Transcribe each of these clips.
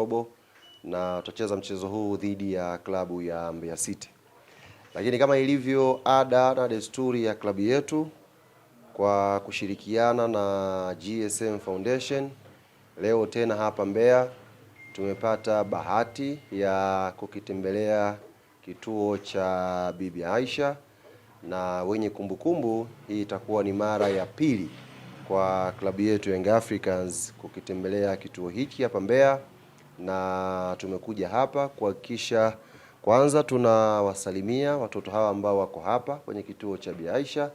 robo na tutacheza mchezo huu dhidi ya klabu ya Mbeya City. Lakini kama ilivyo ada na desturi ya klabu yetu, kwa kushirikiana na GSM Foundation, leo tena hapa Mbeya tumepata bahati ya kukitembelea kituo cha Bibi Aisha, na wenye kumbukumbu kumbu, hii itakuwa ni mara ya pili kwa klabu yetu Young Africans kukitembelea kituo hiki hapa Mbeya na tumekuja hapa kuhakikisha kwanza tunawasalimia watoto hawa ambao wako hapa kwenye kituo cha Bi Aisha,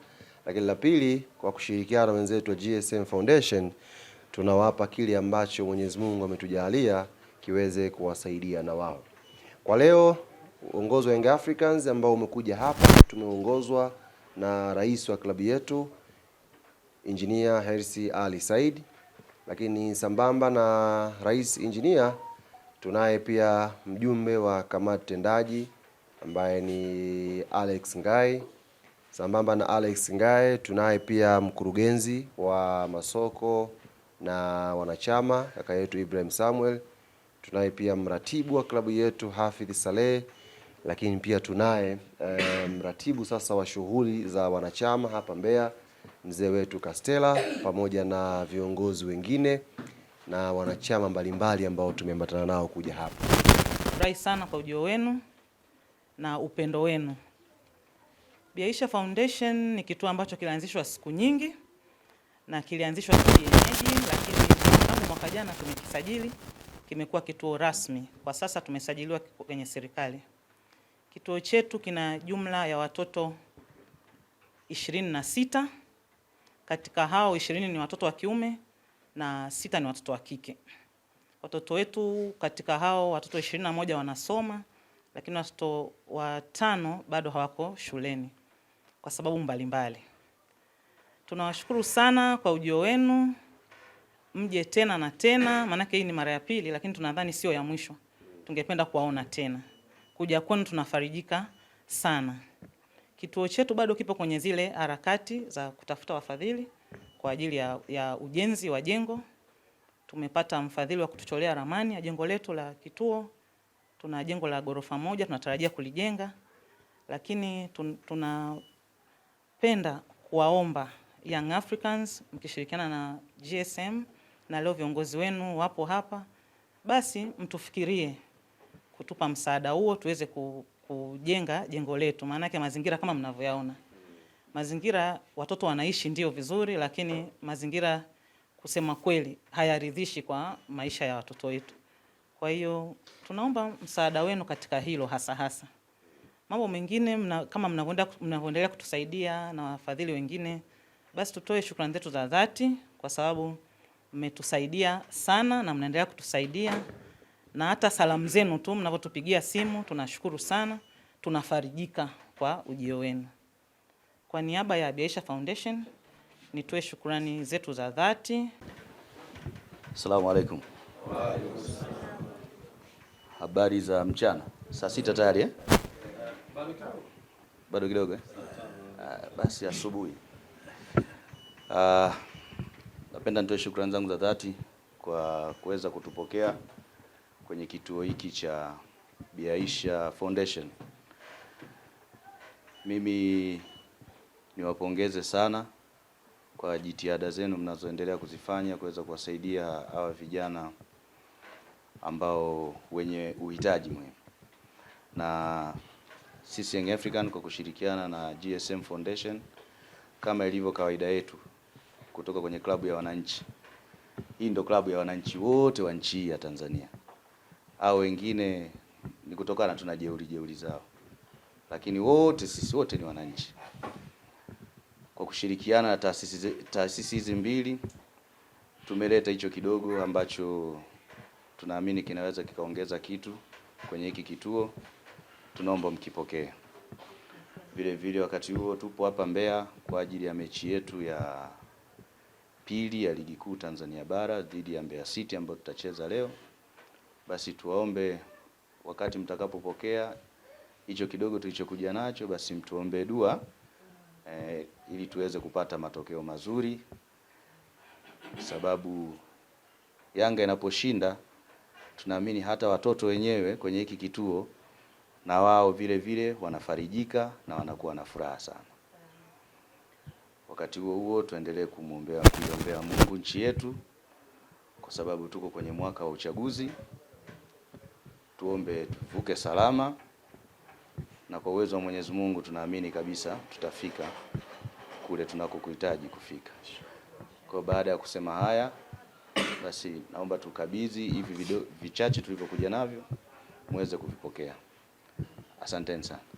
lakini la pili, kwa kushirikiana na wenzetu wa GSM Foundation tunawapa kile ambacho Mwenyezi Mungu ametujalia kiweze kuwasaidia na wao. Kwa leo uongozi wa Young Africans ambao umekuja hapa, tumeongozwa na rais wa klabu yetu Engineer Hersi Ali Said, lakini sambamba na rais injinia Tunaye pia mjumbe wa kamati tendaji ambaye ni Alex Ngai. Sambamba na Alex Ngai, tunaye pia mkurugenzi wa masoko na wanachama kaka yetu Ibrahim Samuel. Tunaye pia mratibu wa klabu yetu Hafidh Saleh, lakini pia tunaye eh, mratibu sasa wa shughuli za wanachama hapa Mbeya, mzee wetu Kastela pamoja na viongozi wengine na wanachama mbalimbali ambao tumeambatana nao kuja hapa. Furahi sana kwa ujio wenu na upendo wenu. Biaisha Foundation ni kituo ambacho kilianzishwa siku nyingi na kilianzishwa kienyeji, lakini tangu mwaka jana tumekisajili, kimekuwa kituo rasmi. Kwa sasa tumesajiliwa kwenye serikali. Kituo chetu kina jumla ya watoto 26. Katika hao 20 ni watoto wa kiume na sita ni watoto wa kike. Watoto wetu katika hao watoto ishirini na moja wanasoma, lakini watoto watano bado hawako shuleni kwa sababu mbalimbali. Tunawashukuru sana kwa ujio wenu, mje tena na tena, maanake hii ni mara ya pili, lakini tunadhani sio ya mwisho. Tungependa kuwaona tena, kuja kwenu tunafarijika sana. Kituo chetu bado kipo kwenye zile harakati za kutafuta wafadhili kwa ajili ya, ya ujenzi wa jengo. Tumepata mfadhili wa kutucholea ramani ya jengo letu la kituo. Tuna jengo la ghorofa moja tunatarajia kulijenga, lakini tun, tunapenda kuwaomba Young Africans mkishirikiana na GSM na leo viongozi wenu wapo hapa, basi mtufikirie kutupa msaada huo tuweze kujenga jengo letu, maanake mazingira kama mnavyoyaona mazingira watoto wanaishi ndio vizuri, lakini mazingira kusema kweli hayaridhishi kwa maisha ya watoto wetu. Kwa hiyo tunaomba msaada wenu katika hilo hasa hasa. Mambo mengine mna, kama mnavyoendelea kutusaidia na wafadhili wengine, basi tutoe shukrani zetu za dhati kwa sababu mmetusaidia sana na mnaendelea kutusaidia, na hata salamu zenu tu mnavyotupigia simu tunashukuru sana, tunafarijika kwa ujio wenu. Kwa niaba ya Abiaisha Foundation nitoe shukurani zetu za dhati. Asalamu alaykum. Habari za mchana, saa sita tayari eh? Bado kidogo eh? Uh, basi asubuhi. Uh, napenda nitoe shukrani zangu za dhati kwa kuweza kutupokea kwenye kituo hiki cha biaisha Foundation. Mimi niwapongeze sana kwa jitihada zenu mnazoendelea kuzifanya kuweza kuwasaidia hawa vijana ambao wenye uhitaji muhimu, na sisi Young African kwa kushirikiana na GSM Foundation kama ilivyo kawaida yetu kutoka kwenye klabu ya wananchi. Hii ndio klabu ya wananchi wote wa nchi hii ya Tanzania, au wengine ni kutokana tuna jeuri jeuri zao, lakini wote sisi wote ni wananchi kwa kushirikiana na taasisi taasisi hizi mbili tumeleta hicho kidogo ambacho tunaamini kinaweza kikaongeza kitu kwenye hiki kituo, tunaomba mkipokee. Vile vile wakati huo tupo hapa Mbeya kwa ajili ya mechi yetu ya pili ya ligi kuu Tanzania bara dhidi ya Mbeya City ambayo tutacheza leo. Basi tuwaombe wakati mtakapopokea hicho kidogo tulichokuja nacho, basi mtuombe dua eh, ili tuweze kupata matokeo mazuri, sababu Yanga inaposhinda tunaamini hata watoto wenyewe kwenye hiki kituo na wao vile vile wanafarijika na wanakuwa na furaha sana. Wakati huo huo, tuendelee kumwombea kuombea Mungu nchi yetu, kwa sababu tuko kwenye mwaka wa uchaguzi. Tuombe tuvuke salama na kwa uwezo wa Mwenyezi Mungu tunaamini kabisa tutafika kule tunakokuhitaji kufika. Kwa baada ya kusema haya, basi naomba tukabidhi hivi video vichache tulivyokuja navyo muweze kuvipokea. Asanteni sana.